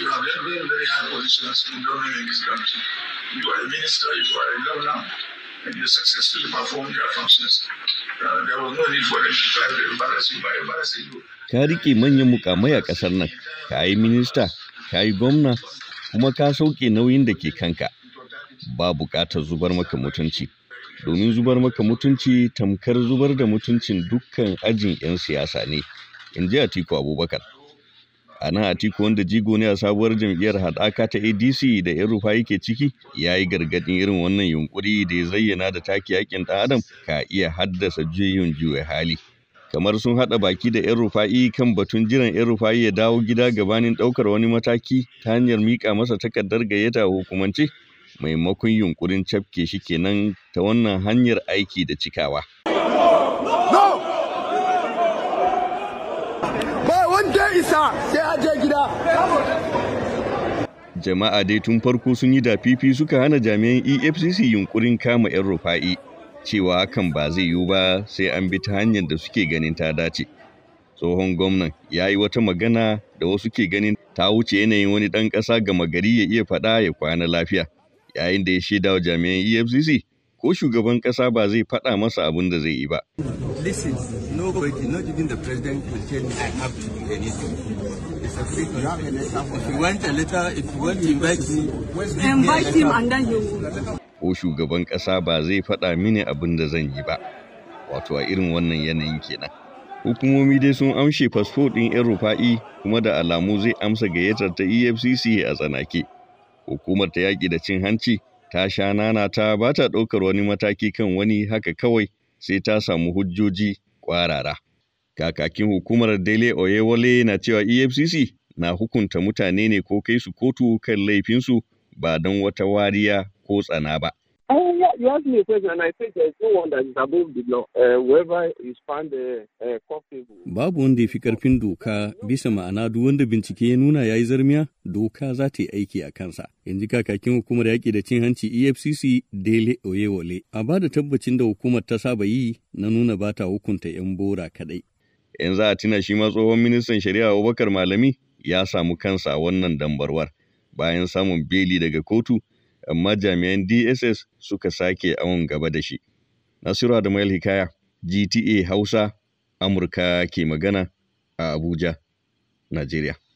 you have very, very, very high positions in government in this country. You are a minister, you are a governor, and you successfully performed your functions. Uh, there was no need for them to try to embarrass you by embarrassing you. Ka rike manyan mukamai a ƙasar nan, ka yi minista, ka yi gwamna, kuma ka sauke nauyin da ke kanka. Ba buƙatar zubar maka mutunci. Domin zubar maka mutunci tamkar zubar da mutuncin dukkan ajin 'yan siyasa ne, in ji Atiku Abubakar. a nan atiku wanda jigo ne a sabuwar jam'iyyar haɗaka ta adc da yan rufa yake ciki ya yi gargaɗin irin wannan yunkuri da ya zayyana da take yakin ɗan adam ka iya haddasa juyin juya hali kamar sun haɗa baki da 'yan rufa'i kan batun jiran 'yan rufa'i ya dawo gida gabanin ɗaukar wani mataki ta hanyar miƙa masa takardar gayyata hukumance maimakon yunkurin cafke shi kenan ta wannan hanyar aiki da cikawa. wanda isa sai a gida jama'a dai tun farko sun yi dafifi suka hana jami'an efcc yunkurin kama 'yan rufa'i cewa hakan ba zai yiwu ba sai an bi ta hanyar da suke ganin ta dace tsohon gwamnan ya yi wata magana da wasu ke ganin ta wuce yanayin wani ɗan ƙasa gama gari ya iya faɗa ya kwana lafiya yayin da ya shaida wa jami'an efcc ko shugaban ƙasa ba zai faɗa masa abin da zai yi ba. Listen, not even the president will tell me I have to do anything. It's a free country. If you want a letter, if you want to invite me, invite him and then you Ko shugaban ƙasa ba zai faɗa mini abin da zan yi ba. Wato a irin wannan yanayin kenan. Hukumomi dai sun amshe fasfo ɗin 'yan rufa'i kuma da alamu zai amsa gayyatar ta EFCC a tsanake. Hukumar ta yaƙi da cin hanci ta sha ta ba ta ɗaukar wani mataki kan wani haka kawai sai ta samu hujjoji ƙwarara. Kakakin hukumar Dele Oyewole na cewa EFCC na hukunta mutane ne ko kai su kotu kan laifinsu ba don wata wariya ko tsana ba. Uh, uh, uh Babu wanda ya fi karfin doka bisa ma'ana duk wanda bincike ya nuna ya yi zarmiya, doka za ta yi aiki a kansa. In ji kakakin hukumar yaƙi da cin hanci EFCC Dele Oyewole. A ba da tabbacin da hukumar ta saba yi na nuna ba ta hukunta 'yan bora kaɗai. Yan za a tuna shi ma tsohon ministan shari'a Abubakar Malami ya samu kansa wannan dambarwar bayan samun beli daga kotu. amma jami'an DSS suka sake awon gaba da shi. Nasiru Adamuel Hikaya, GTA Hausa, Amurka ke magana a Abuja, Najeriya.